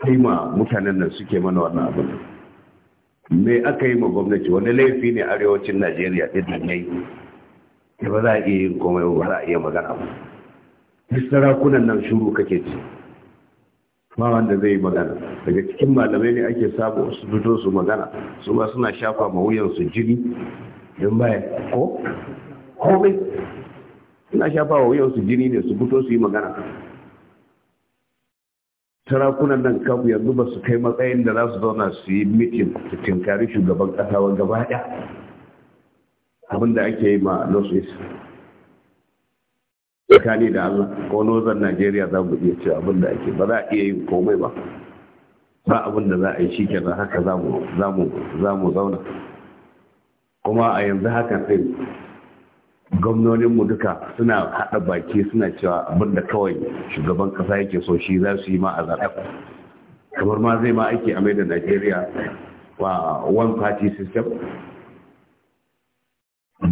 kai ma mutanen nan suke mana wannan abin me aka yi ma gwamnati wani laifi ne arewacin najeriya ɗin da yi da ba za a iya yin komai ba za a iya magana ba duk sarakunan nan shuru kake ce ba wanda zai yi magana daga cikin malamai ne ake sabo su fito su magana su ba suna shafa ma wuyansu jini don baya ko komai suna shafa wa wuyansu jini ne su fito su yi magana sarakunan nan kabu yanzu ba su kai matsayin da za su zauna su yi mitin su tinkari shugaban ƙasa wa gaba ɗaya abin da ake yi ma northwest tsakani da allah ko northern nigeria za mu iya cewa abin da ake ba za a iya yin komai ba ba abin da za a yi shi kenan haka za mu zauna kuma a yanzu haka ɗin gwamnonin mu duka suna haɗa baki suna cewa abinda kawai shugaban ƙasa yake so shi za su yi ma a zaɓe kamar ma zai ma ake a da najeriya wa one party system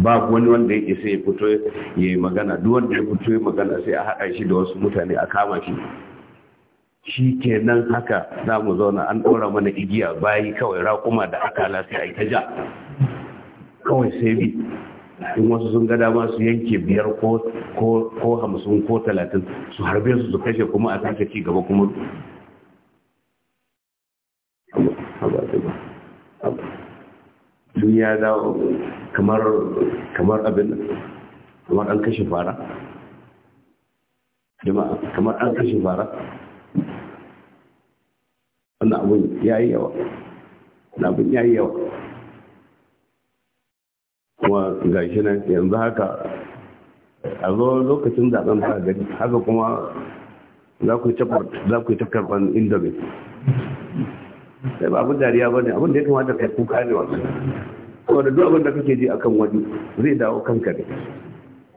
ba wani wanda yake isa ya fito ya yi magana duk wanda ya fito ya magana sai a haɗa shi da wasu mutane a kama shi shi kenan haka za mu zauna an ɗora mana igiya bayi kawai raƙuma da akala sai a yi ta ja kawai sai bi in wasu sun ga dama su yanke biyar ko hamsin ko talatin su harbe su su kashe kuma a sake ci gaba kuma duniya za kamar kamar abin kamar an kashe fara kamar an kashe fara wannan abin ya yi yawa wannan abin ya yi yawa kuma shi nan yanzu haka a zo lokacin zaben sa gari haka kuma za ku yi ta inda ne sai ba abin dariya ba ne abin da ya kamata kai kuka ne wannan kuma da duk abin da kake ji akan wani zai dawo kanka ne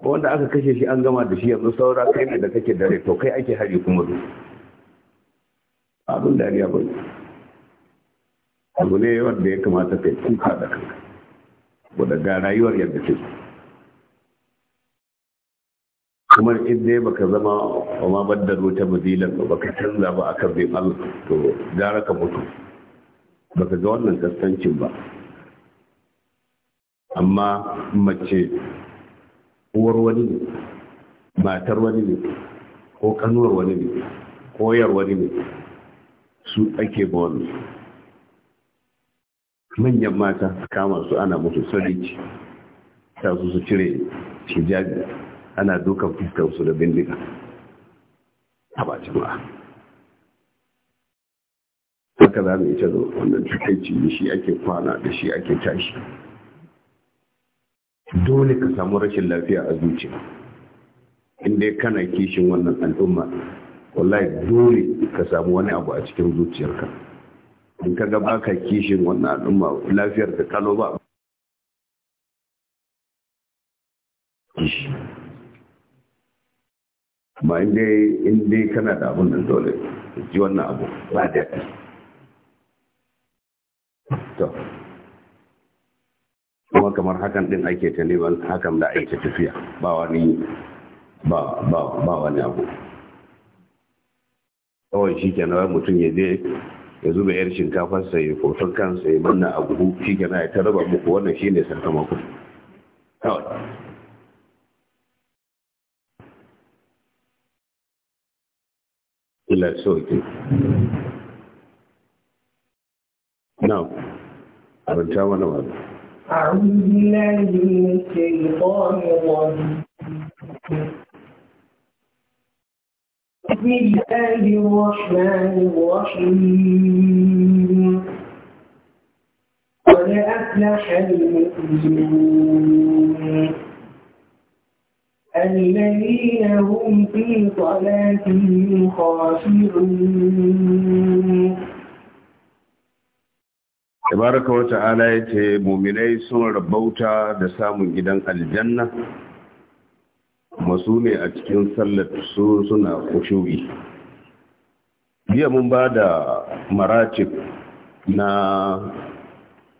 wanda aka kashe shi an gama da shi yanzu saura kai ne da kake dare to kai ake hari kuma duk abin dariya ba ne abu ne wanda ya kamata kai kuka da kanka saboda ga rayuwar yadda ke. kuma in dai baka zama wa ma baddalo ta bazilan ba baka canza ba a bin Allah to gara ka mutu baka ga wannan kaskancin ba amma mace uwar wani ne matar wani ne ko kanuwar wani ne koyar wani ne su ake ba wani manyan mata su kama su ana musu sarki ta su su cire hijabi ana dukan su da bindiga a ba jama'a haka za mu ita wannan takaici da shi ake kwana da shi ake tashi dole ka samu rashin lafiya a zuciya inda kana kishin wannan al'umma wallahi dole ka samu wani abu a cikin zuciyarka in kaga baka kishin wannan al'umma lafiyar da kalo ba kishi dai in dai kana da abun nan dole ji wannan abu ba ta to kuma kamar hakan din ake ta neman hakan da ake tafiya ba wani ba ba ba wani abu kawai shi kenan mutum ya je ya zuba yar shinkafar sai ya kofin kansa ya manna a buhu shi gana ya taraba muku wannan shi ne sakamako kawai ila sauki na abinta wani wani أعوذ بالله من الشيطان الرجيم بسم الله الرحمن الرحيم قد أفلح المؤمنون الذين هم في صلاتهم خاشعون tabaraka wa ta'ala ya ce muminai sun rabauta da samun gidan aljanna masu ne a cikin sallar su suna kushuri jiya mun ba da maratib na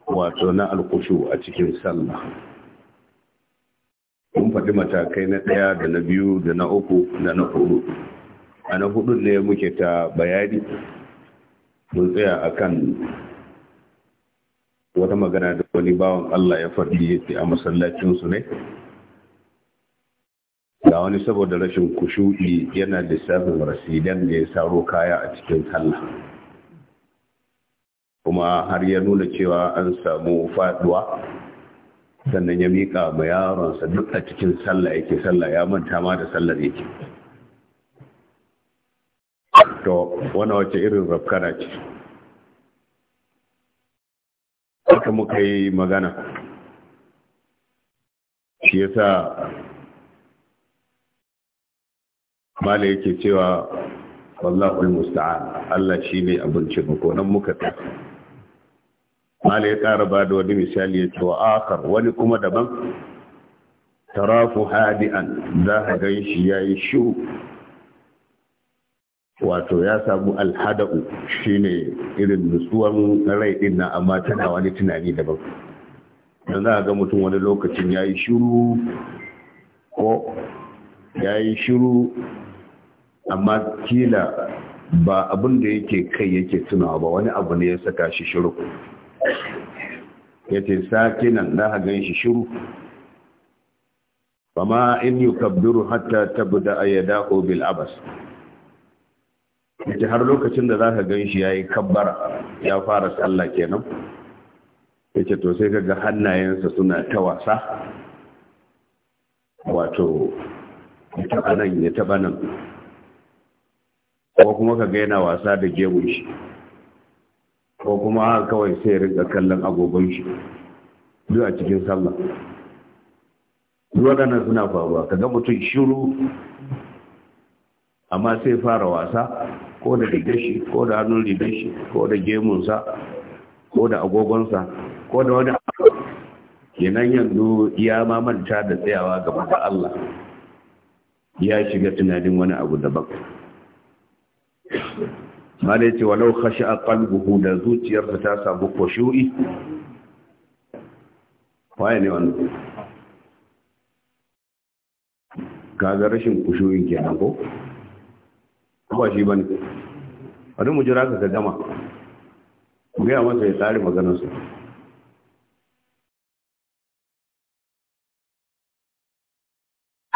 wato na alkushu a cikin sallah mun faɗi matakai na ɗaya da na biyu da na uku da na hudu a na hudu ne muke ta bayani mun tsaya a kan wata magana da wani bawan Allah ya faɗi yake a masallacinsu ne ga wani saboda rashin kushu'i yana da lissafin rasidan da ya saro kaya a cikin sallah kuma har ya nuna cewa an samu faduwa sannan ya miƙa ma yaronsa duk a cikin sallah yake sallah ya manta ma da sallar yake to wani wace irin rafkara ce haka muka yi magana shi yasa mala yake cewa wallahul musta'an Allah shine abincin ko nan muka ta mala ya tara ba da wani misali ya ce wa akar wani kuma daban tarafu hadi'an za ka gan shi ya yi shiru wato ya samu alhada'u shine irin nutsuwan rai din nan amma tana wani tunani daban don za ga mutum wani lokacin ya yi shiru ko ya yi shiru amma kila ba abin da yake kai yake tunawa ba wani abu ne ya saka shi shiru ya ce sakinan na hagan shi shiru ma in yi kabbiru hatta da a yada bil abas ya har lokacin da za ka gan shi ya yi kabbara ya fara sallah kenan ya ce to sai ka hannayensa suna ta wasa wato ya taɓa nan ya taba nan ko kuma ka gaina wasa da gemun shi ko kuma haka kawai sai rinka kallon agogon shi duk a cikin sallah waɗannan suna faruwa ka ga mutum shiru amma sai fara wasa ko da shi, ko da hannun shi, ko da gemunsa ko da agogonsa ko da wani kenan yanzu ya mamanta da tsayawa gaba da Allah ya shiga tunanin wani abu daban ma da yace walau khashi'a qalbuhu da zuciyarsa ta samu khushu'i waye ne wannan ga rashin khushu'in kenan ko ba shi bane Wani mu jira ka gama Gaya ga masa ya tsare maganar su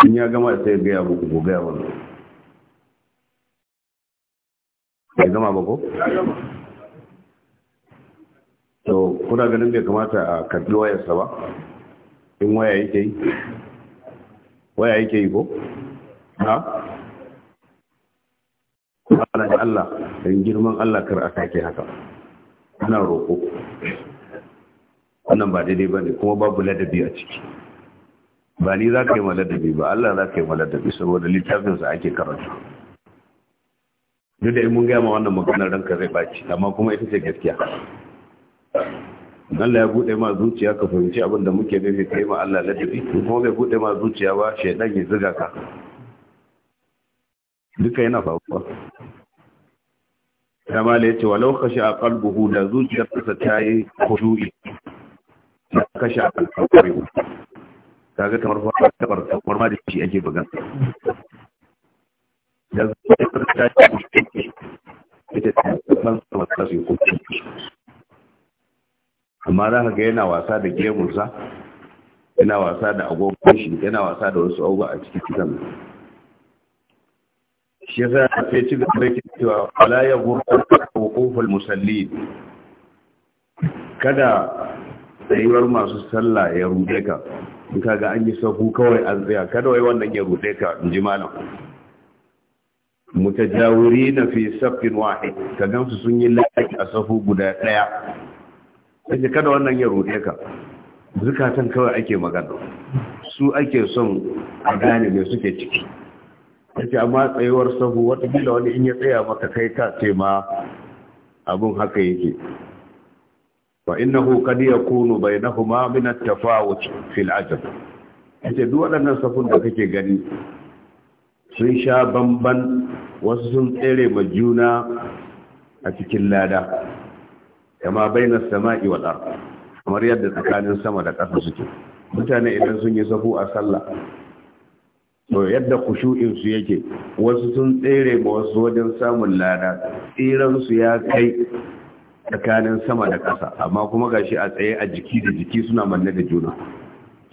in ya gama sai ga ya muku ku ga wannan bai gama ba ko to kuna ganin bai kamata a karbi wayarsa ba in waya yake yi waya yake yi ko ha kuma da Allah in girman Allah kar a sake haka ana roƙo wannan ba daidai ba ne kuma babu ladabi a ciki ba ni za ka yi maladabi ba Allah za ka yi maladabi saboda littafinsa ake karanta duk da mun gaya ma wannan maganar ranka zai baci amma kuma ita ce gaskiya Allah ya bude ma zuciya ka fahimci abin da muke nufi sai ma Allah ladabi kuma bai bude ma zuciya ba shaidan ya zuga ka duka yana faruwa dama da ya ce walau kashe a kalbuhu da zuciyar zuciyarsa ta yi kusuri da kashe a kalbuhu ta ga kamar tabar kamar ma da shi ake bugan da zuciyarsa ta yi kusuri amma za ka ga yana wasa da gemunsa yana wasa da agogon shi yana wasa da wasu ogon a cikin kitan shi yasa sai ci da yake cewa wala ya gurɓata hukuful musalli kada tsayuwar masu sallah ya rude ka in kaga an yi sauku kawai an tsaya kada wai wannan ya rude ka in ji malam mutajawirina fi safin wahid ka gamsu sun yi laƙi a safu guda daya sai kada wannan ya rode ka zukatan kawai ake magana su ake son a gane me suke ciki sai amma tsayuwar safu wata bila wani in ya tsaya maka kai ka ce ma abun haka yake wa innahu qad yakunu bainahuma min at-tafawut fil ajab ita duk waɗannan safun da kake gani sun sha bamban wasu sun tsere ma juna a cikin lada bai na sama'i wal ɗar kamar yadda tsakanin sama da ƙasa suke mutane idan sun yi safu a sallah to yadda kushu'in su yake wasu sun tsere ma wasu wajen samun lada tsiransu su ya kai tsakanin sama da ƙasa amma kuma gashi a tsaye a jiki da jiki suna manne da juna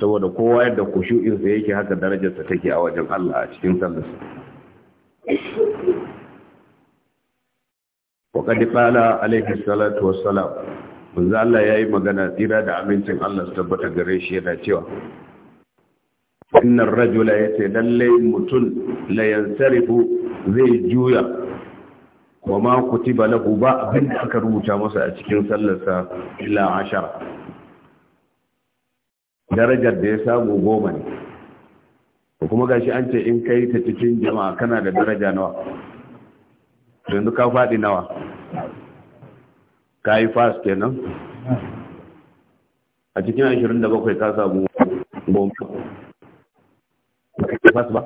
saboda kowa yadda kushu'insa yake haka darajarsa take a wajen Allah a cikin sallarsa waƙad fala alaihi salatu wassalam manzo Allah yayi magana tsira da amincin Allah su tabbata gare shi yana cewa innar rajula yace lallai mutum, la yansarifu zai juya kuma ma kutiba lahu ba abin da aka rubuta masa a cikin sallarsa illa ashara darajar da ya samu goma ne ko kuma gashi an ce in kai ta cikin jama'a kana da daraja nawa yanzu ka faɗi nawa ka yi fas kenan a cikin 27 ka samu goma ba fas ba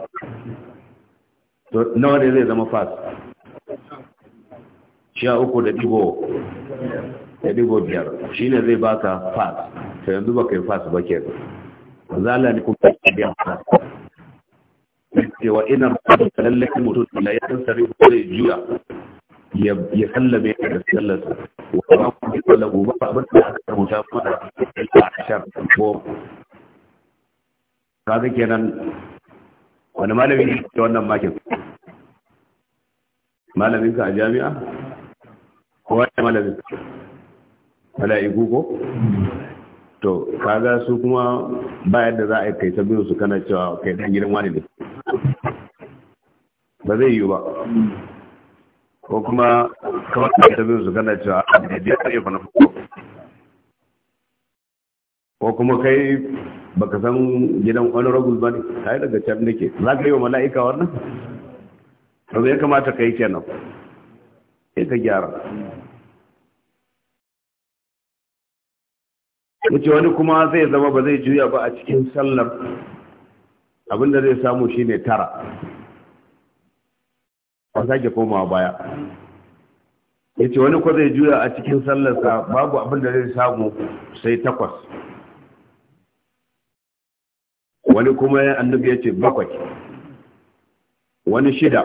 to nawa ne zai zama fas sha uku da ɗigo ya digo biyar shi ne zai baka fas ta yanzu ka yi fas ba ke zala ne kuma ya biya fas cewa ina rubuta lallai mutum da ya san sare ko zai juya ya sallame ka da sallasa wa ma ku yi sallar gobe ba abin da aka rubuta da a shar ko kaga kenan wani malami ne wannan makin malamin ka a jami'a ko wani malamin ka mala'iku ko to kaga su kuma ba yadda za a kai ta biyu su kana cewa kai dan gidan wani ne ba zai yi ba ko kuma kawai kai ta biyu su kana cewa a ah, da ya tsaye ba na fuko ko kuma kai baka san gidan ragul ba ne kai daga can nake za ka yi wa mala'ika wannan to ya kamata kai kenan ita ka gyara yace wani kuma zai zama ba zai juya ba a cikin sallar abinda zai samu shine tara a sake komawa baya yace wani ko zai juya a cikin sallarsa babu abinda zai samu sai takwas wani kuma ya annabi ce bakwai wani shida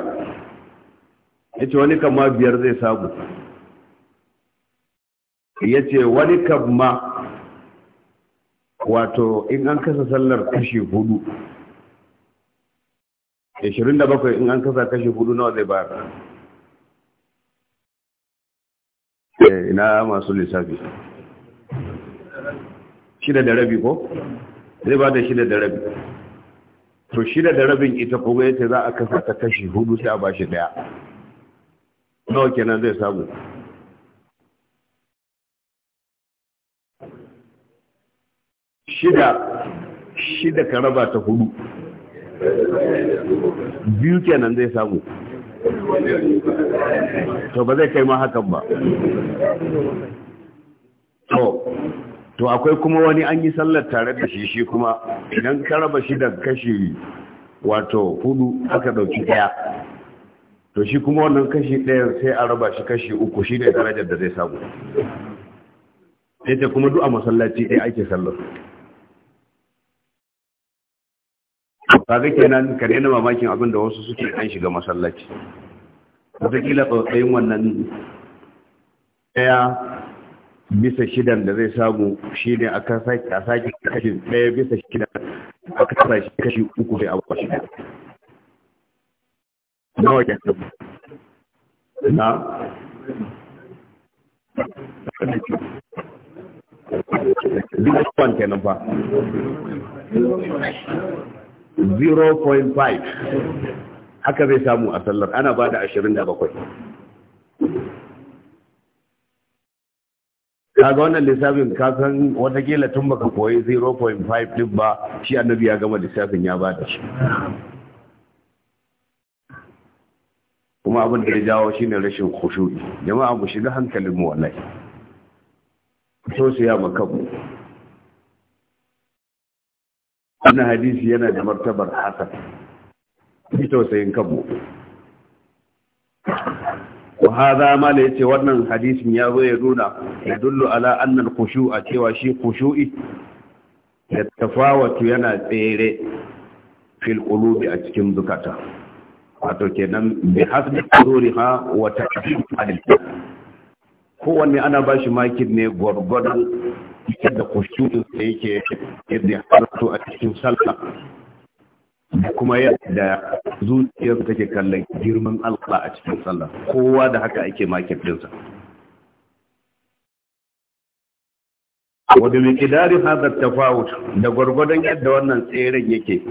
yace wani kama biyar zai samu yace wani kama wato in an kasa sallar kashi hudu 27 in an kasa kashi hudu nawa zai bayar eh, ina masu lissafi shida da rabi ko zai ba da shida da rabi to shida da rabin ita kuma yace za a kasa ta kashi hudu sai a ba shi daya nawa kenan zai samu shida shida ka raba ta hudu biyu kenan zai samu to ba zai kai ma hakan ba to to akwai kuma wani an yi sallar tare da shi shi kuma idan ka raba shida kashi wato hudu aka dauki daya to shi kuma wannan kashi ɗaya sai a raba shi kashi uku shi ne darajar da zai samu ita kuma du'a masallaci ɗaya ake sallar kaga kenan ka daina mamakin abin da wasu suke dan shiga masallaci wataƙila tsotsayin wannan ɗaya bisa shidan da zai samu shi ne a sake kashi ɗaya bisa shidan a kasa shi kashi uku sai abuwa shida na wajen sabu na duk wani kenan ba 0.5 haka zai samu a sallar ana ba da 27 kaga wannan lissafin ka san watakila tun baka koyi 0.5 din ba shi annabi ya gama lissafin ya ba da shi kuma abin da ya jawo shine rashin kushuri jama'a mu shiga hankalin mu wallahi so su ya makabu wannan hadisi yana da martabar hasan ki tausayin kanmu wa hadha ma la yace wannan hadisin ya zo ya nuna ya dullu ala anna al-khushu'a cewa shi khushu'i ya tafawatu yana tsere fil qulubi a cikin zukata wato kenan bi hasbi ha wa ta'dil al kowanne ana bashi makin ne gwargwadon yadda kushurin da yake yadda ya halatto a cikin sallah kuma yadda zuciyar take kallon girman Allah a cikin sallah kowa da haka ake makin dinsa wadda mai kidari hadar tafawut da gwargwadon yadda wannan tseren yake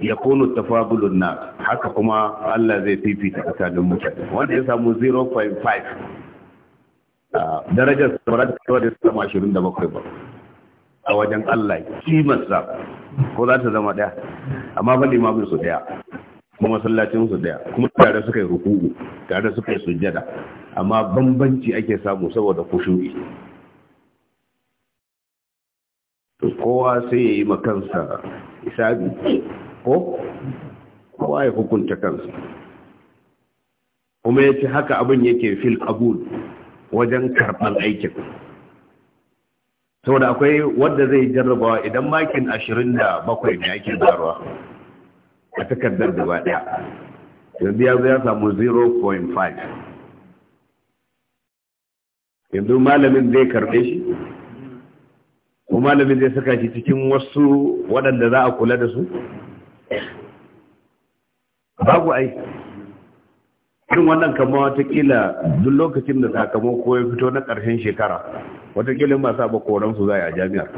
ya kono tafabulun na haka kuma Allah zai fifita tsakanin mutane wanda ya samu 0.5 darajar sabarar kawai da sama ashirin da bakwai ba a wajen Allah kimarsa ko za ta zama ɗaya amma ban limamin su ɗaya kuma masallacin su ɗaya kuma tare suka yi hukuku tare suka yi sujjada amma bambanci ake samu saboda to kowa sai ya yi makansa isabi ko kowa ya hukunta kansa kuma ya ce haka abin yake fil abul wajen karɓar aikin saboda akwai wadda zai jarrabawa idan makin ashirin da bakwai ne ake zaruwa a takardar ba ɗaya yanzu ya zai samu 0.5 yanzu malamin zai karɓe shi ko malamin zai saka shi cikin wasu waɗanda za a kula da su babu aiki shin wannan kama watakila duk lokacin da sakamako ya fito na ƙarshen shekara watakila ba sa ba su za a jami'ar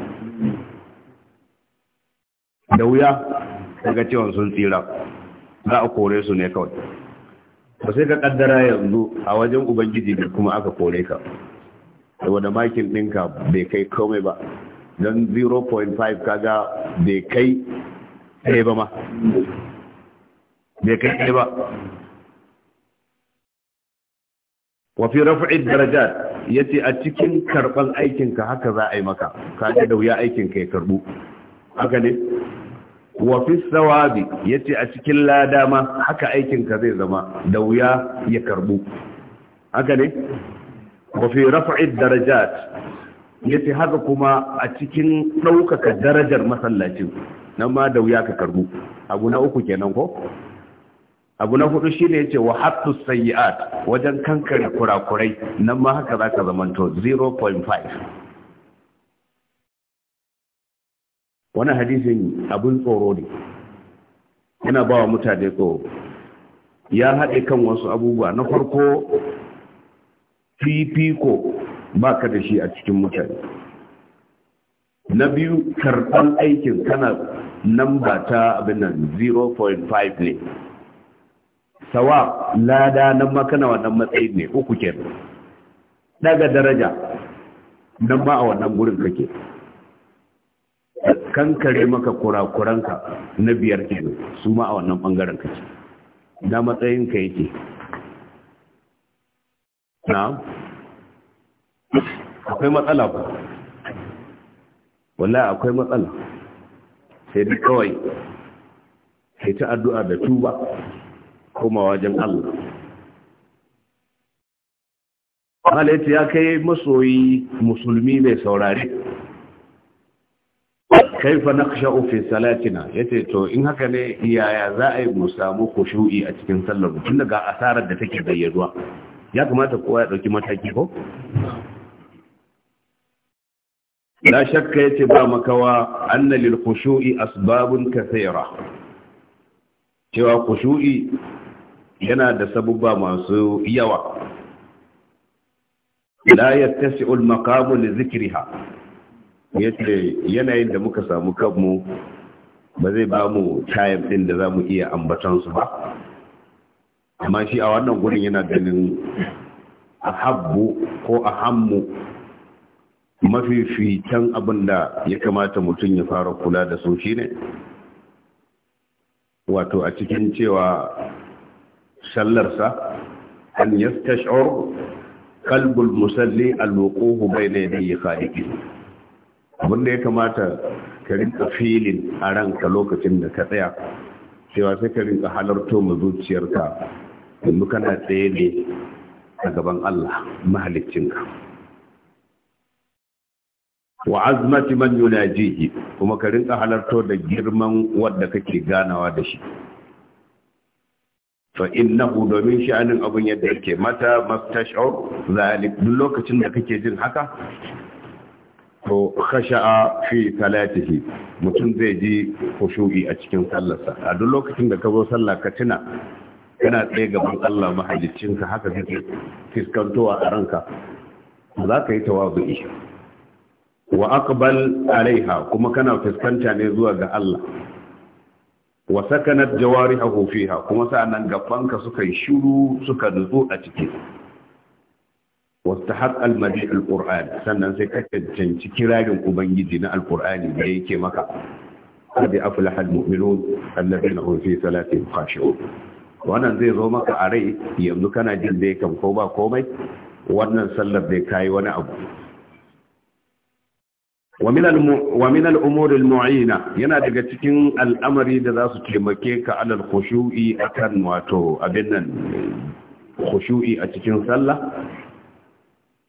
da wuya daga cewa sun tsira za a kore su ne kawai ba sai ka kaddara yanzu a wajen ubangiji da kuma aka kore ka Da wadda makin ɗinka bai kai komai ba don 0.5 kaga bai kai ɗaya ba ma bai kai ɗaya ba wa fi raf'i darajat ce a cikin karban aikin ka haka za a yi maka ka da wuya aikin ka ya karbu haka ne wa fi sawabi ce a cikin lada ma haka aikin ka zai zama da wuya ya karbu haka ne wa fi raf'i darajat ce haka kuma a cikin ɗaukaka darajar masallacin nan ma da wuya ka karbu abu na uku kenan ko abu na hudu ya ce wa hattu sayyi'at wajen kankare kurakurai nan ma haka zaka zamanto 0.5 wani hadisin abin tsoro ne yana bawa mutane tsoro ya haɗe kan wasu abubuwa na farko fifiko ka da shi a cikin mutane na biyu karɓar aikin kana nan ba ta abin nan 0.5 ne sawab lada nan makana wannan matsayi ne uku ke daga daraja nan ma a wannan gurin kake kankare maka kurakuranka na biyar ke su ma a wannan bangaren kake na matsayin ka yake na akwai matsala ba wallahi akwai matsala sai dai kawai sai ta addu'a da tuba koma wajen Allah halayyata ya kai masoyi musulmi mai saurari. kaifa na kashe ofin salatina ya ce to in haka ne yaya za a yi mu samu kushu'i a cikin sallar mutum daga asarar da take bayyaduwa ya kamata kowa ya ɗauki mataki ko? la shakka ya ce ba makawa annalil shu'i asbabun kasaira cewa kushu'i yana da sabubba masu yawa la yattasi'u al-maqamu li dhikriha yace yanayin da muka samu kanmu ba zai ba mu time ɗin da zamu iya ambaton su ba amma shi a wannan gurin yana ganin ahabbu ko ahammu mafificen abin da ya kamata mutum ya fara kula da su shine wato a cikin cewa sallarsa an yastash'ur kalbul musalli al bai bayna yadayhi khaliqi abin da ya kamata ka rinka filin a ranka lokacin da ka tsaya cewa sai ka rinka halarto mu zuciyarka yanzu kana tsaye ne a gaban Allah mahaliccinka wa azmati man yunajihi kuma ka rinka halarto da girman wanda kake ganawa da shi fa innahu domin sha'anin abun yadda yake mata mastash'ur zalik duk lokacin da kake jin haka to khasha'a fi salatihi mutum zai ji khushu'i a cikin sallarsa a duk lokacin da ka zo sallah ka tuna kana tsaye gaban Allah ka haka kake fiskantowa a ranka za ka yi tawazu'i wa aqbal alaiha kuma kana fuskanta ne zuwa ga Allah wa sakanat jawarihu fiha kuma sa'annan gafanka suka yi shiru suka nutsu a ciki wastahaq al alquran sannan sai ka cancanci kirarin ubangiji na alqurani da yake maka qad aflaha almu'minun alladhina hum fi salatihim khashi'un wannan zai zo maka a rai yanzu kana jin da kan ko ba komai wannan sallar dai kai wani abu wa min al'umuri yana daga cikin al'amari da za su taimake ka alal khushu'i akan wato abin nan khushu'i a cikin sallah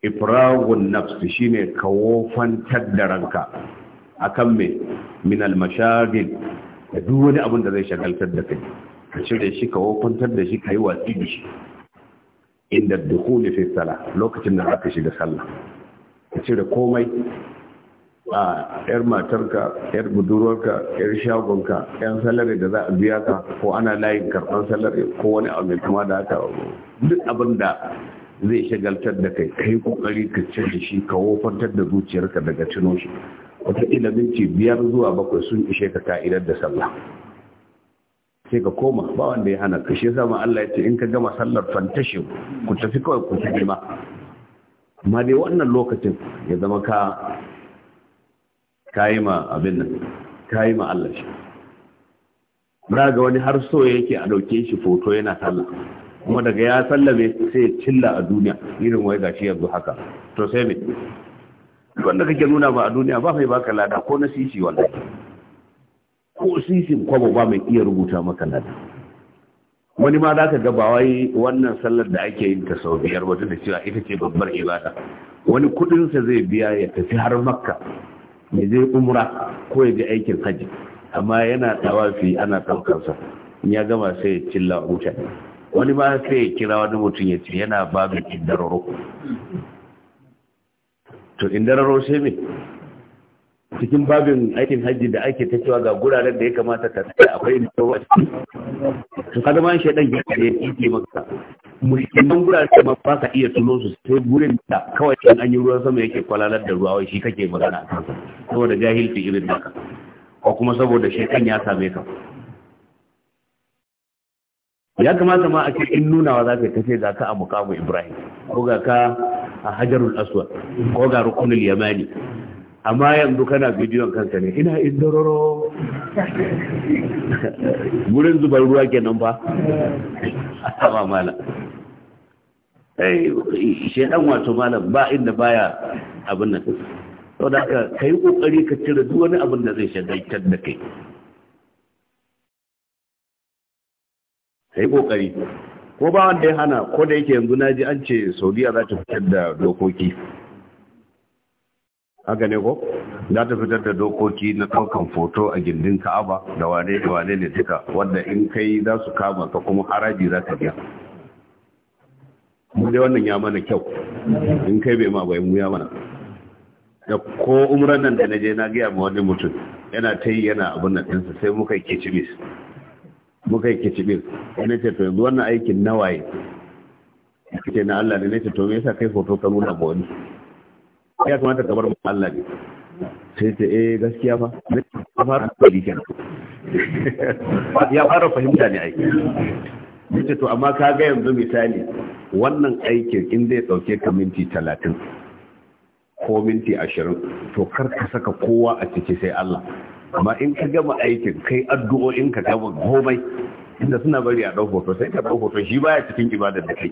ifragun nafsi shine kawo fantar da ranka akan me min al-mashagil da duk wani abin da zai shagaltar da kai ka cire shi kawo fantar da shi kai shi inda dukhuli fi salah lokacin da zaka shiga sallah ka cire komai a yar matarka yar budurwarka yar shagonka yan salari da za a biya ka ko ana layin karban salari ko wani abu mai kama da haka duk abin da zai shagaltar da kai kai kokari ka cire shi ka wofantar da zuciyarka daga tuno shi wataƙila biyar zuwa bakwai sun ishe ka ka'idar da sallah sai ka koma ba wanda ya hana ka shi sama Allah ya ce in ka gama sallar fantashe ku tafi kawai ku fi ma amma dai wannan lokacin ya zama ka kayi ma abin nan kayi ma Allah shi ga wani har so yake a dauke shi foto yana sallah kuma daga ya sallame sai cilla a duniya irin wai gashi yanzu haka to sai me wanda kake nuna ba a duniya ba mai baka lada ko na sisi wallahi ko sisin kwabo ba mai iya rubuta maka lada wani ma za ka ga ba wai wannan sallar da ake yin ta sau biyar wata da cewa ita ce babbar ibada wani kudinsa zai biya ya tafi har makka ya je umra ko ya je aikin haji amma yana tawafi ana ɗaukarsa in ya gama sai ya cilla wuta wani ma sai ya kira wani mutum ya ce yana babin indararo to indararo sai me cikin babin aikin hajji da ake ta cewa ga guraren da ya kamata ta tsaya akwai da tsawo a ciki to ka zama shaidan ya ce ya ce maka don guraren da ba ka iya tuno su sai gurin da kawai can an yi ruwan sama yake kwalalar da ruwa wai shi kake magana a kansa saboda jahilci irin naka ko kuma saboda shaidan ya same ka ya kamata ma a ce in nunawa za ka tafiya ga ka a mukamu ibrahim ko ga ka a hajarul aswad ko ga rukunul yamani amma yanzu kana bidiyon kanka ne ina indororo gurin zubar ruwa kenan ba ba mala dan wato malam ba inda baya abin nan to da ka yi kokari ka cire duk wani abin da zai shaidaitar da kai ka yi kokari ko ba wanda ya hana ko da yake yanzu na ji an ce saudiya za ta fitar da dokoki haka ne ko za ta fitar da dokoki na ɗaukan foto a gindin ka'aba da wane da wane ne duka wanda in kai za su kama ka kuma haraji za ka biya mu dai wannan ya mana kyau in kai bai ma bai mu ya mana da ko umran nan da na je na gaya ma wani mutum yana ta yi yana abin nan ɗinsa sai muka yi kicibis muka yi kicibis wani ce to yanzu wannan aikin nawaye ce na Allah ne ne ce to me yasa kai foto ka nuna ma wani ya kamata ka bar mu Allah ne sai ta eh gaskiya fa fara kenan ya fara fahimta ne aiki. yace to amma ka ga yanzu misali wannan aikin in zai dauke ka minti 30 ko minti 20 to kar ka saka kowa a ciki sai Allah amma in ka gama aikin kai addu'o'in ka gama komai inda suna bari a ɗauko hoto sai ka ɗauko hoto shi baya cikin ibadar da kai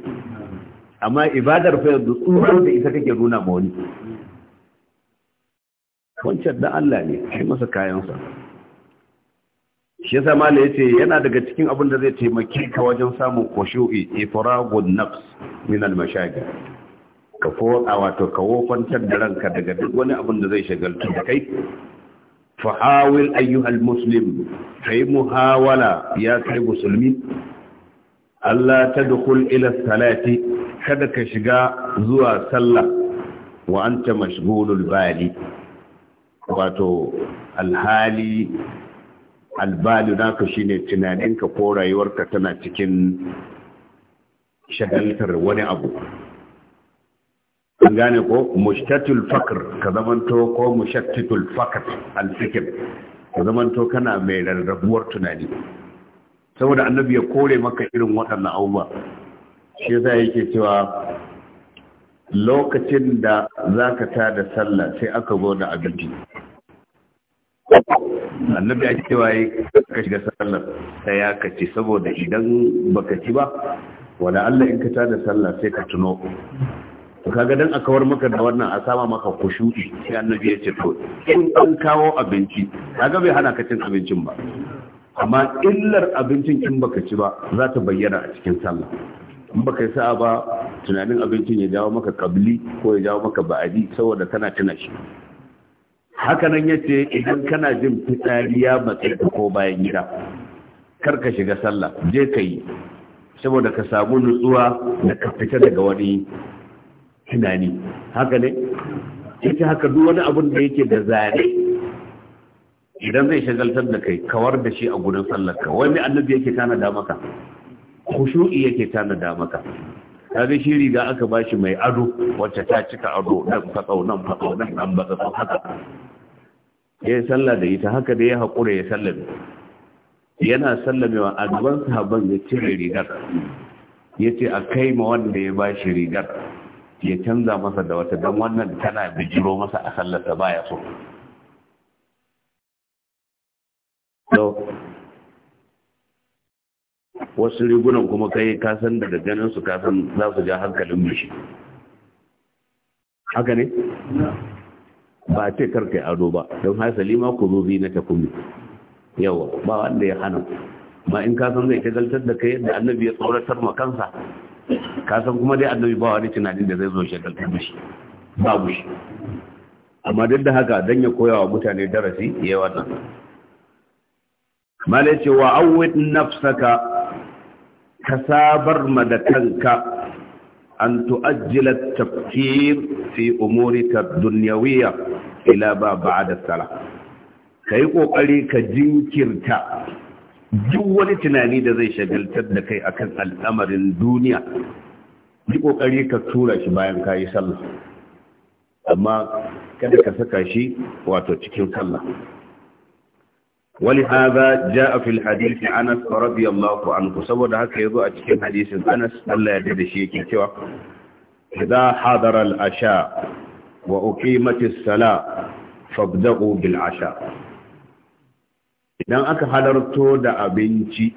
amma ibadar fa yanzu tsoron da ita kake nuna ma wani wancan dan Allah ne shi masa kayansa shi yasa mala yace yana daga cikin abin da zai taimake ka wajen samun khushu'i ifragun nafs min al ka ko a wato ka wofantar da ranka daga duk wani abin da zai shagaltu da kai fa ayyuhal muslim kai muhawala ya kai musulmi Allah tadkhul ila salati kada ka shiga zuwa sallah wa anta mashghulul bali wato alhali albalu naka shine tunaninka ko rayuwarka tana cikin shagaltar wani abu an gane ko mushtatul fakr ka zamanto ko mushattatul fakr alfikr ka zamanto kana mai rarrabuwar tunani saboda annabi ya kore maka irin waɗannan abubuwa shi yasa yake cewa lokacin da zaka da sallah sai aka zo da abinci annabi ya cewa yi ka shiga sallar ta ya kaci saboda idan baka ci ba wala Allah in ka tada sallah sai ka tuno to kaga dan a kawar maka da wannan a sama maka kushuɗi sai annabi ya ce to in an kawo abinci kaga bai hana ka cin abincin ba amma illar abincin in baka ci ba za ta bayyana a cikin sallah in baka yi sa'a ba tunanin abincin ya jawo maka kabli ko ya jawo maka ba'adi saboda kana tuna shi hakanan ya ce idan kana jin fitsari ya matsayi ko bayan gida kar ka shiga sallah je ka yi saboda ka samu nutsuwa da ka fita daga wani tunani haka ne ita haka duk wani abin da yake da zane idan zai shagaltar da kai kawar da shi a gudun ka wani annabi yake da maka kushu'i yake tanada maka kaga shi riga aka bashi mai ado wacce ta cika ado nan fatsau nan fatsau nan nan ba haka ya yi sallah da ita haka da ya haƙura ya sallame yana sallamewa a gaban sahabban ya cire rigar ya ce a kai ma wanda ya ba shi rigar ya canza masa da wata don wannan tana bijiro masa a sallarsa baya so wasu rigunan kuma kai kasan da ganin su kasan za su ja hankalin mashi haka ne? ba ce karkai ado ba don hasali ma ku zo zina ta kuma yawa ba wanda ya hana ma in ka san zai galtar da kai yadda annabi ya tsoratar ma kansa ka san kuma dai annabi ba wani tunanin da zai zo shagaltar da shi babu shi amma duk da haka dan ya koya wa mutane darasi ya yi wannan malai ce wa awwid nafsaka ka sabar ma da kanka أن تؤجل التفكير في أمورك الدنيوية إلى ما بعد الصلاة kai kokari ka jinkirta duk wani tunani da zai shagaltar da kai akan al'amarin duniya yi ƙoƙari ka tura shi bayan kayi sallah amma kada ka saka shi wato cikin sallah wani haza ja a fil hadisi anas wa rabiyallahu anku saboda haka ya zo a cikin hadisin anas Allah ya dade shi yake cewa idza hadara al asha wa uqimat as sala fabda'u bil asha idan aka halarto da abinci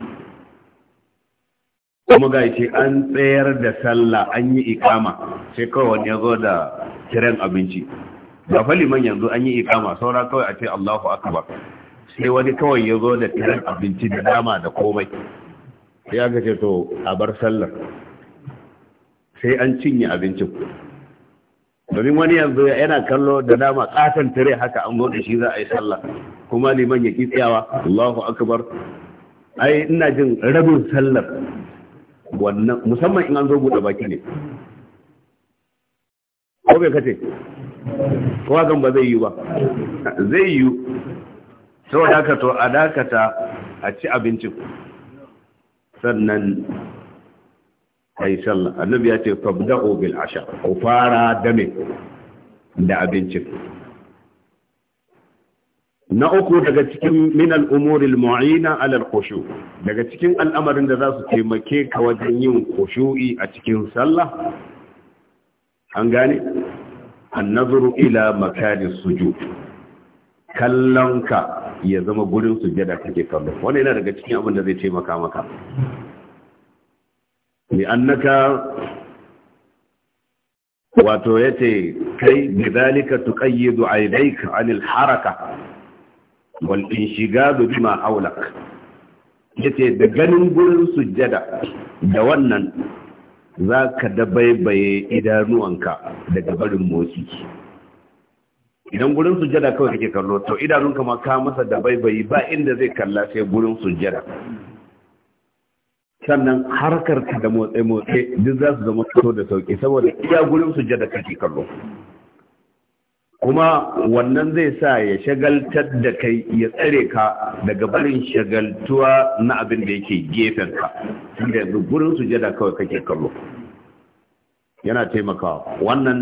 kuma ga an tsayar da sallah an yi ikama sai kawai ya da kiran abinci ga fali man yanzu an yi ikama saura kawai a ce Allahu akbar sai wani kawai ya zo da tiran abinci da nama da komai ya aka ce to a bar sallar sai an cinye abincin domin wani yanzu yana kallo da dama katon tare haka an zo da shi za a yi sallah kuma liman ya ki tsayawa Allahu akbar ai ina jin rabin sallar wannan musamman in an zo bude baki ne ko bai kace ko hakan ba zai yi ba zai yi sau da a dakata a ci abincin sannan ai sallah annabi ya ce bil asha ku fara dame da abincin na uku daga cikin min al-umuri al-mu'ina daga cikin al'amarin da za su taimake ka wajen yin khushu'i a cikin sallah an gane an-nazru ila makani sujud ka. ya zama gurin sujjada kake kallo wanda yana daga cikin abin da zai taimaka maka li annaka wato yace kai bidalika tuqayyidu aydayka anil haraka wal inshigadu bima hawlak yace da ganin gurin sujjada da wannan zaka dabaibaye idanuwanka daga barin motsi idan gurin sujjada kawai kake kallo to idanun ma ka masa da baibayi ba inda zai kalla sai gurin sujjada sannan harkar ka da motsi-motsi duk za su zama fito da sauki saboda iya gurin sujjada kake kallo kuma wannan zai sa ya shagaltar da kai ya tsare ka daga barin shagaltuwa na abin da yake gefen ka tunda gurin sujjada kawai kake kallo yana taimakawa wannan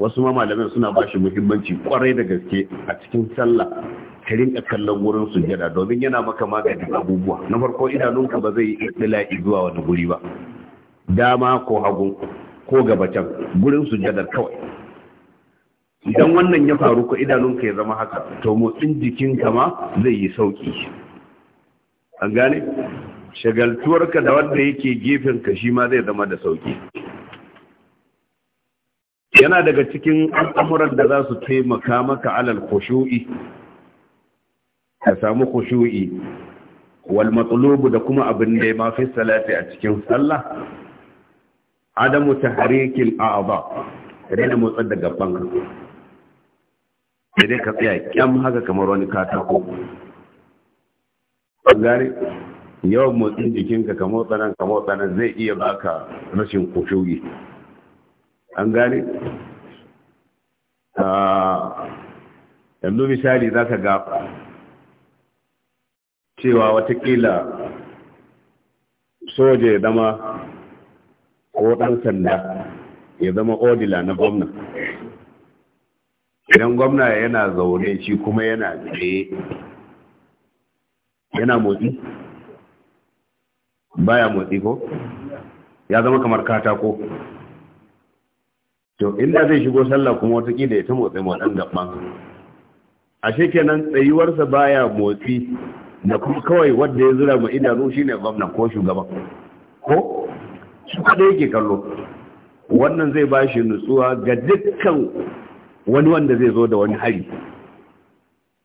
wasu ma malamin suna ba shi muhimmanci kwarai da gaske a cikin sallah ka rinka kallon wurin sujada domin yana maka magani abubuwa na farko idanunka ba zai yi ɗila'i zuwa wani guri ba dama ko hagu ko gabatan gurin jada kawai idan wannan ya faru ko idanunka ya zama haka to motsin jikinka ma zai yi sauki an gane shagaltuwarka da wanda yake gefen ka shi ma zai zama da sauki yana daga cikin al'amuran da za su taimaka maka alal kushu’i, ka samu kushu’i, wal matlubu da kuma abin da ya mafi salafi a cikin sallah adamu tahrikil a'dha rena motsar da gaban ka sai ka tsaya kyam haka kamar wani katako gare yawan motsin jikinka ka motsa nan ka motsa nan zai iya baka rashin kushu’i. an gane ah, yanzu misali za ka ga cewa watakila soja ya zama ko ɗan sanda ya zama odila na gwamna idan gwamna yana zaune shi kuma yana tsaye yana motsi baya motsi ko ya zama kamar katako to inda zai shigo sallah kuma kila ya ta motsi motsin gaban ashe kenan tsayuwarsa baya motsi da kuma kawai wanda ya zura ma idanu shine gwamnan ko shugaban ko su kada yake kallo wannan zai ba shi nutsuwa ga dukkan wani wanda zai zo da wani hari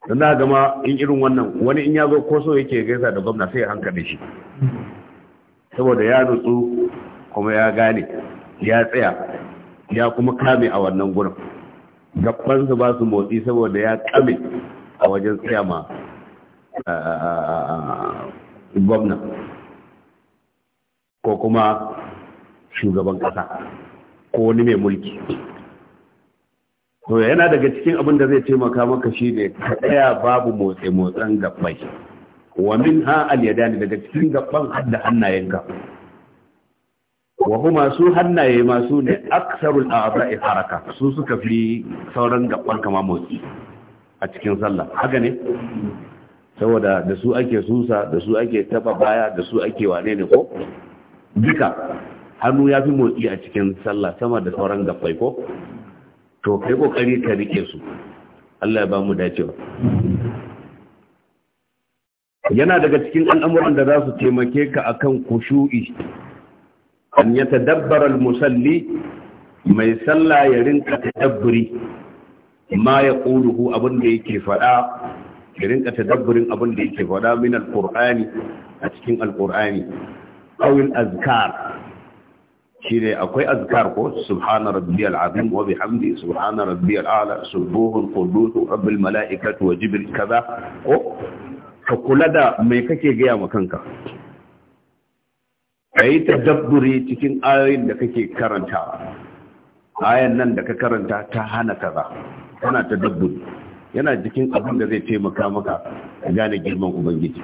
don da gama in irin wannan wani in ya zo ko so yake gaisa da gwamna sai ya hankali shi saboda ya nutsu kuma ya gane ya tsaya ya kuma kame a wannan gurin gabansa ba su motsi saboda ya kame a wajen tsayama gwamna ko kuma shugaban kasa ko wani mai mulki to yana daga cikin abin da zai taimaka maka shi ne ka tsaya babu motsi-motsan gabbai wa min ha al daga cikin gabban hadda hannayenka wa huma su hannaye masu ne aksarul a'za'i haraka su suka fi sauran gaban kama motsi a cikin sallah haka ne saboda da su ake susa da su ake taba baya da su ake wane ne ko duka hannu ya fi motsi a cikin sallah sama da sauran gabbai ko to kai kokari ka rike su Allah ya ba mu dacewa yana daga cikin al'amuran da za su taimake ka akan kushu'i an ya tadabbara musalli mai sallah ya rinka tadabburi ma ya ƙuluhu abin da yake faɗa ya rinka tadabburin abin da yake faɗa min alƙur'ani a cikin alƙur'ani awil azkar shi ne akwai azkar ko subhana rabbi al'azim wa bihamdi subhana rabbi al'ala subuhun qudusu rabbil mala'ikatu wa jibril kaza ko ka kula da mai kake gaya ma kanka ka yi tadabburi cikin ayoyin da kake karanta ayan nan da ka karanta ta hana kaza ta tadabburi yana cikin abin da zai taimaka maka a gane girman ubangiji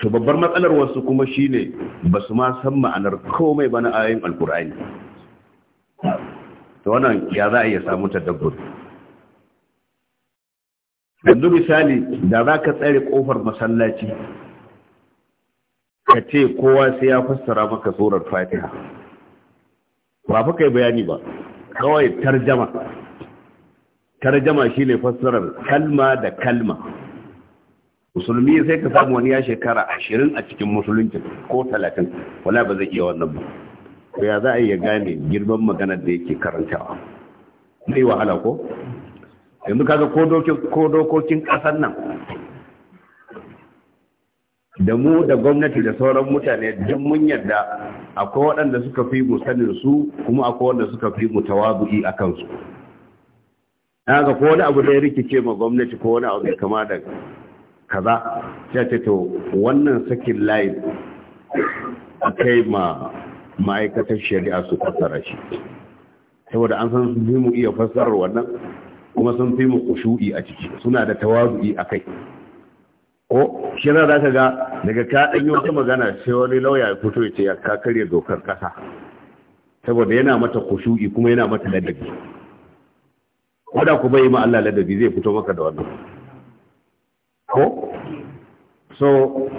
to babbar matsalar wasu kuma shine ba su ma san ma'anar komai ba na ayoyin alkur'ani to wannan ya za a iya samu tadabburi yanzu misali da za ka tsare kofar masallaci ka ce kowa sai ya fassara maka surar fatiha ba fa kai bayani ba kawai tarjama tarjama shine fassarar kalma da kalma musulmi sai ka samu wani ya shekara ashirin a cikin musulunci ko talatin wala ba zai iya wannan ba ko ya za a iya gane girman maganar da yake karantawa mai wahala ko yanzu kaga ko dokokin ƙasar nan da mu da gwamnati da sauran mutane duk mun yarda akwai waɗanda suka fi mu sanin su kuma akwai waɗanda suka fi mu tawabu'i a kansu ga ko wani abu da ya rikice ma gwamnati ko wani abu kama da kaza sai ce to wannan sakin layin a kai ma ma'aikatar shari'a su fassara shi saboda an san sun fi mu iya fassarar wannan kuma sun fi mu kushu'i a ciki suna da tawazu'i a kai ko shi za ka ga daga kaɗan ɗanyi wata magana sai wani lauya ya fito ya ce ya ka karya dokar ƙasa saboda yana mata kushuki kuma yana mata ladabi wadda ku bai ma Allah ladabi zai fito maka da wannan ko so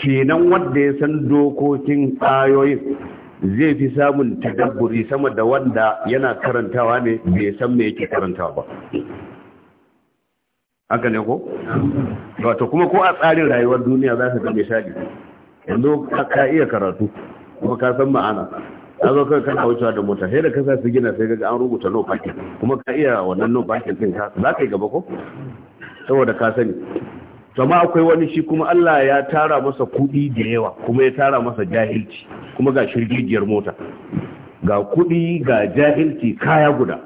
kenan wanda ya san dokokin ayoyin zai fi samun tadabburi sama da wanda yana karantawa ne bai san me yake karantawa ba haka ne ko? wato kuma ko a tsarin rayuwar duniya za ka ga shaɗi yanzu ka iya karatu kuma ka san ma'ana ka zo kai kana wucewa da mota sai da ka sa su gina sai ga an rubuta no parking kuma ka iya wannan no parking din ka za ka yi gaba ko saboda ka sani ma akwai wani shi kuma Allah ya tara masa kuɗi da yawa kuma ya tara masa jahilci kuma ga shirgigiyar mota ga kuɗi ga jahilci kaya guda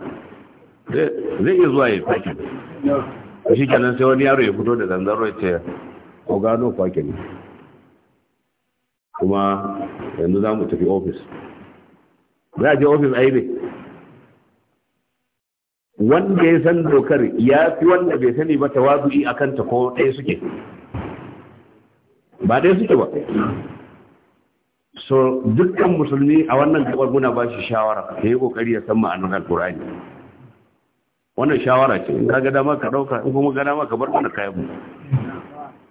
zai iya zuwa ya faki shi kenan sai wani yaro ya fito da zanzaro ya ko gano kwake ne kuma yanzu za mu tafi ofis za a je ofis a yi ne wanda ya san dokar ya fi wanda bai sani ba tawazu'i a kanta ko ɗaya suke ba ɗaya suke ba so dukkan musulmi a wannan gabar muna ba shi shawara ya yi ƙoƙari ya san ma'anar alkur'ani wannan shawara ce in ga dama ka dauka in kuma ga dama ka bar mana kayan mu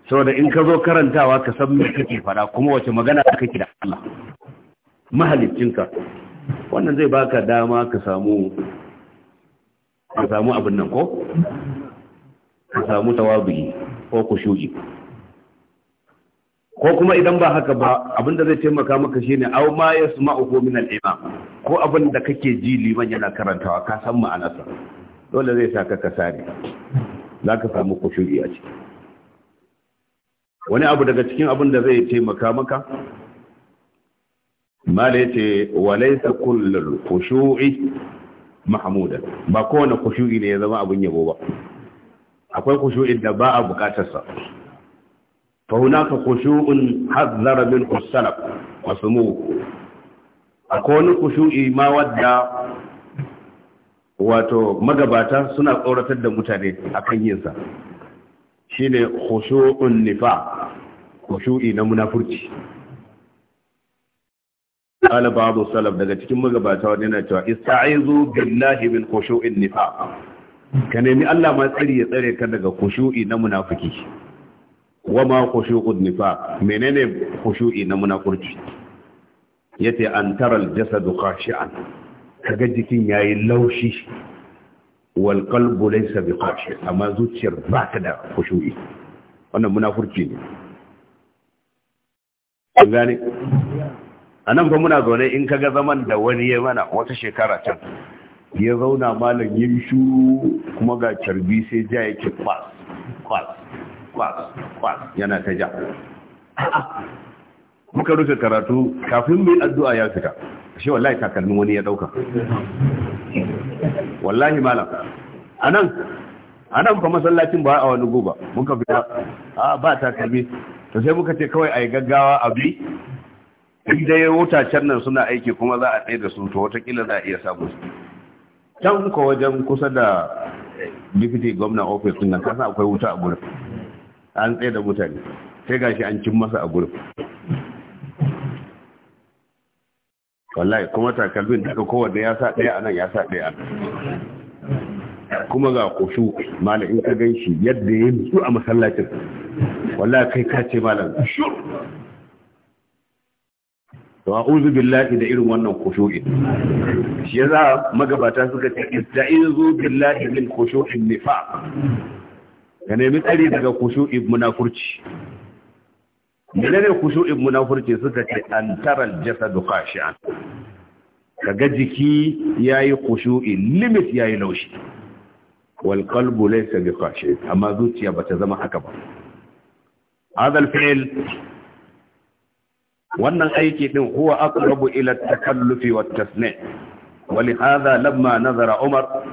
saboda in ka zo karantawa ka san me kake fara kuma wace magana kake da Allah mahaliccinka wannan zai baka dama ka samu ka samu abin nan ko ka samu tawabi ko kushuji ko kuma idan ba haka ba abinda zai taimaka maka shine aw ma yasma'u min al-imam ko abin da kake ji liman yana karantawa ka san ma'anarsa dole zai sa ka sare za ka samu kushuri a ciki wani abu daga cikin abin da zai taimaka maka mala ya ce walaisa kullum kushu'i mahamuda ba kowane kushu'i ne ya zama abin yabo ba akwai kushu'in da ba a bukatarsa fa ka kushu'un hazzara min usalaf masu mu akwai wani kushu'i ma wadda wato magabata suna tsoratar da mutane akan yinsa. sa ne khushu'un nifa khushu'i na munafurci ala salaf daga cikin magabata wani yana cewa ista'izu billahi min khushu'in nifa ka nemi Allah ma tsari ya tsare ka daga khushu'i na Wa ma khushu'un nifa menene khushu'i na munafurci yace an taral jasadu khashi'an kaga jikin yayi laushi wal qalbu laysa biqash amma zuciyar ba ta da khushu'i wannan munafurci ne an gane anan fa muna zaune in kaga zaman da wani ya mana wata shekara can ya zauna malam ya yi kuma ga carbi sai ja yake kwas kwas kwas kwas yana ta ja muka rufe karatu kafin mai addu'a ya fita shi wallahi takalmin wani ya dauka wallahi malam anan anan kuma masallacin ba a wani goba muka fita a ba takalmi to sai muka ce kawai a yi gaggawa abi inda ya wuta can nan suna aiki kuma za a tsaye da su to watakila za a iya samu su can ko wajen kusa da eh, deputy gwamna office din nan kasa akwai wuta a gurin an tsaye da mutane sai gashi an cin masa a gurin wallahi kuma takalmin daga kowanne ya sa ɗaya a nan ya sa ɗaya kuma ga kushu malam in ka gan shi yadda ya nutsu a masallacin wallahi kai ka ce malam shur wa uzu billahi da irin wannan khushu'i shi yasa magabata suka ce istaizu billahi min khushu'i nifaq ka nemi tsari daga khushu'i munafurci menene khushu'i munafurci suka ce an tara al-jasad khashi'an kaga jiki ya yi kushu'i limit ya yi laushi walƙalbu laisa bi kwashe amma zuciya ba ta zama haka ba adalfil wannan aiki ɗin huwa aka rabu ila takallufi wa tasne wani haza lamma nazara umar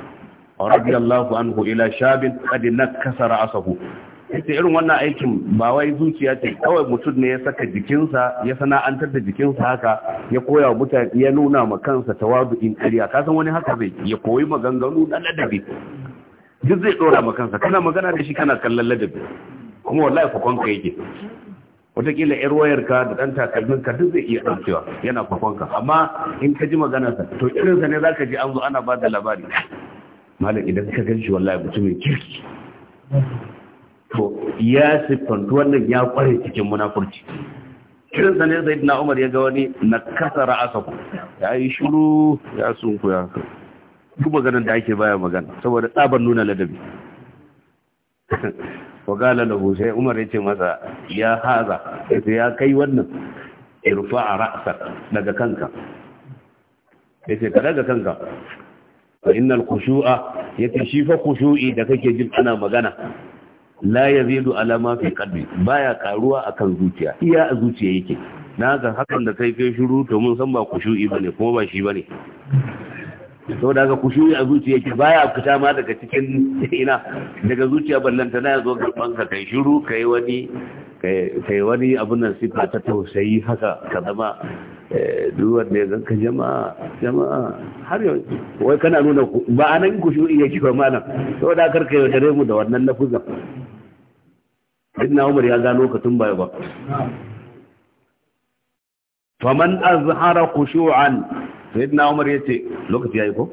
radiyallahu anhu ila shabin kadi na kasara asahu ita irin wannan aikin ba wai zuciya ce kawai mutum ne ya saka jikinsa ya sana'antar da jikinsa haka ya koya wa mutane ya nuna ma kansa tawadu in ƙarya ka san wani haka zai ya koyi maganganu na ladabi duk zai ɗora ma kansa kana magana da shi kana kallon ladabi kuma wallahi kwakwanka ka yake wataƙila yar wayarka da ɗan takalmin ka duk zai iya ɗaukewa yana kwakwanka. amma in ka ji maganarsa to irinsa ne za ka ji an zo ana ba da labari malam idan ka gan shi wallahi mutumin kirki to ya siffantu wannan ya kware cikin munafurci irin sanin sai na umar ya ga wani na kasa ku ya yi shiru ya ku ya ka duk maganin da ake baya magana saboda tsaban nuna ladabi wa gala lahu sai umar ya ce masa ya haza sai ya kai wannan irfa a ra'asa daga kanka ya ce ka daga kanka fa innal khushu'a yake shi fa khushu'i da kake jin ana magana la yazidu ala ma fi qalbi baya karuwa akan zuciya iya a zuciya yake na ga hakan da kai kai shiru to mun san ba kushu'i bane kuma ba shi bane saboda haka kushu'i a zuciya yake baya fita ma daga cikin ina daga zuciya ballanta na yazo gaban ka kai shiru kai wani kai wani abun nan sifa ta tausayi haka ka zama Eh, duwar da ya zanka jama'a jama'a har yau wai kana nuna ba a nan kushu iya kiwa malam sau da karka yau dare mu da wannan fuzan duk na umar ya gano ka tun baya ba faman azhara kushu'an sai na umar ya ce lokaci ya yi ko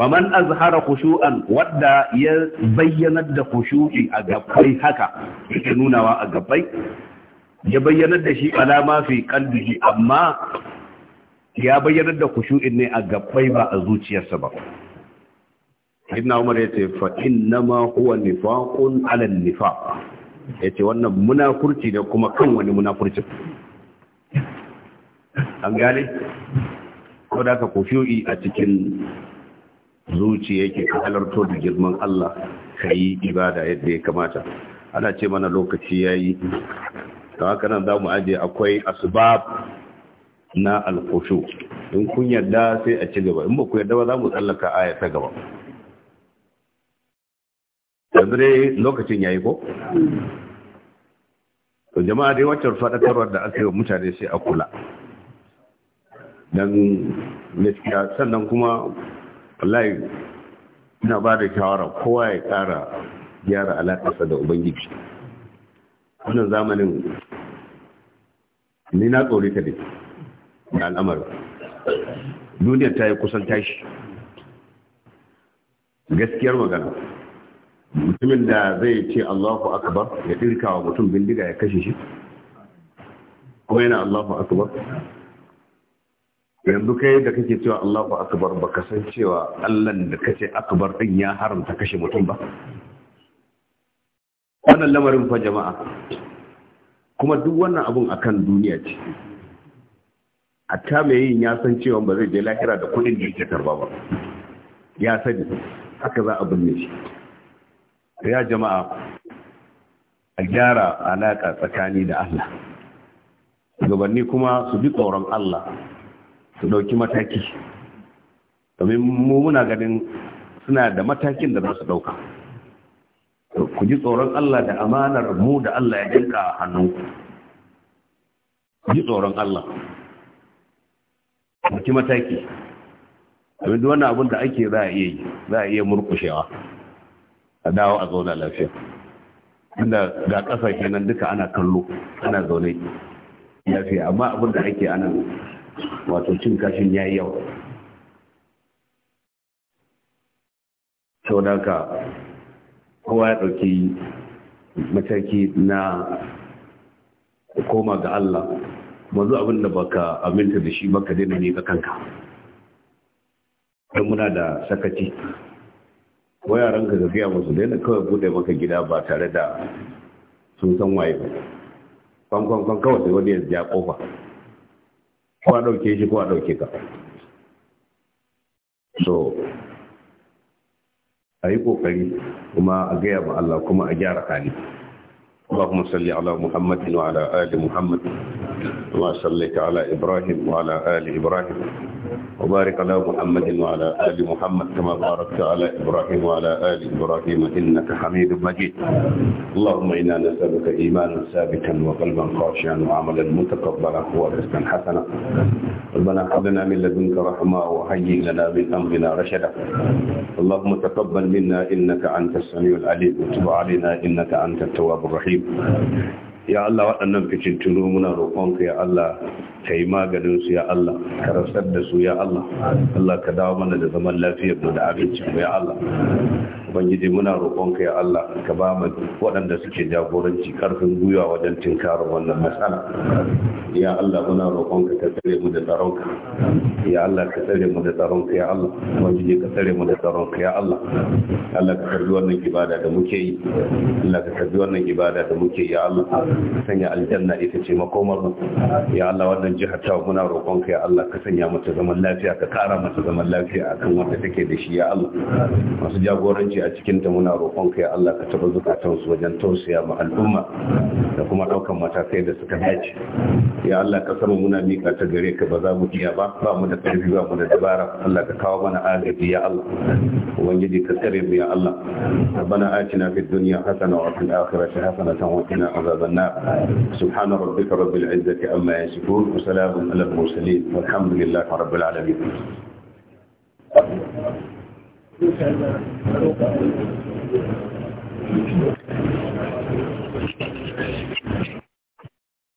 faman azhara kushu'an wadda ya bayyanar da kushu'i a gabbai haka yake nunawa a gabbai ya bayyanar da shi alama fi kalbihi amma ya bayyanar da kushu'in ne a gabbai ba a zuciyarsa ba ibn umar yace fa inna ma huwa nifaqun ala nifaq yace wannan munafurci ne? kuma kan wani munafurci an gane ko da ka kushu'i a cikin zuciya yake halarto da girman Allah kai ibada yadda ya kamata ana ce mana lokaci yayi don haka nan za mu ajiye akwai asbab na alkhushu in kun yadda sai a ci gaba in ba ku yarda ba za mu tsallaka aya ta gaba yanzu lokacin yayi ko to jama'a dai wacce faɗakarwar da aka yi wa mutane sai a kula don gaskiya sannan kuma wallahi ina ba da shawara kowa ya kara gyara alaƙarsa da ubangiji wannan zamanin ni na tsori ta ne da al'amarin duniyar ta yi kusan tashi gaskiyar magana mutumin da zai ce allahu akbar ya ɗirka wa mutum bindiga ya kashe shi kuma yana allahu akbar yanzu kai da kake cewa allahu akbar ba ka san cewa allan da kace akbar ɗin ya haramta kashe mutum ba wannan lamarin fa jama'a kuma duk wannan abun akan duniya ce a ta mai yin ya san cewa ba zai je lahira da kudin da yake karba ba ya sani haka za a binne shi ya jama'a a gyara alaka tsakani da Allah gabanni kuma su bi tsoron Allah su dauki mataki domin mu muna ganin suna da matakin da za su dauka ku ji tsoron Allah da amanar mu da Allah ya dinka a hannunku ku ji tsoron Allah mutu mataki abin da wannan abin da ake za a iya yi za a iya murkushewa a dawo a zauna lafiya inda ga ƙasa kenan duka ana kallo ana zaune lafiya amma abin da ake ana wato cin kashin ya yi yawa sau da ka kowa ya ɗauki mataki na koma ga Allah manzo abin da baka aminta da shi baka daina ne ga kanka don muna da sakaci ko yaran ka gafiya musu daina kawai bude maka gida ba tare da sun san waye ba kwan kawai sai wani ya kofa ko a ɗauke shi ko a ɗauke ka so a yi ƙoƙari kuma a gaya ma Allah kuma a gyara hali اللهم صل على محمد وعلى آل محمد كما صليت على إبراهيم وعلى آل إبراهيم وبارك على محمد وعلى آل محمد كما باركت على إبراهيم وعلى آل إبراهيم إنك حميد مجيد اللهم إنا نسألك إيمانا ثابتا وقلبا خاشعا وعملا متقبلا ورزقا حسنا ربنا هب لنا من لدنك رحمة وهيئ لنا من أمرنا رشدا اللهم تقبل منا إنك أنت السميع العليم وتب علينا إنك أنت التواب الرحيم ya Allah waɗannan fitintunu muna roƙonka ya Allah ka yi maganinsu. ya Allah ka rasar da su ya Allah Allah ka dawo mana da zaman lafiyar mu da abincin ya Allah ubangiji muna roƙonka ya Allah ka ba mu waɗanda suke jagoranci karfin gwiwa wajen tinkara wannan matsala ya Allah muna roƙonka ka tsare mu da tsaronka ya Allah ka tsare mu da tsaronka ya Allah ubangiji ka tsare mu da tsaronka ya Allah Allah ka karbi wannan ibada da muke yi Allah ka karbi wannan ibada da muke yi ya Allah sanya aljanna ita ce makomar mu ya Allah wannan jihar ta muna roƙonka ya Allah ka sanya mata zaman lafiya ka kara mata zaman lafiya akan wanda take da shi ya Allah masu jagoranci a a cikinta muna roƙonka ya Allah ka taɓa zukatansu wajen tausaya ma al'umma da kuma ɗaukan matakai da suka dace ya Allah ka samu muna miƙa ta gare ka ba za mu iya ba ba mu da ƙarfi ba mu da dabara Allah ka kawo mana agaji ya Allah ubangiji ka tsare mu ya Allah rabbana atina fid dunya hasana wa fil akhirati hasanatan wa qina azaban nar subhana rabbika rabbil izzati amma yasifun wa salamun alal mursalin walhamdulillahi rabbil alamin Thank you. Thank you.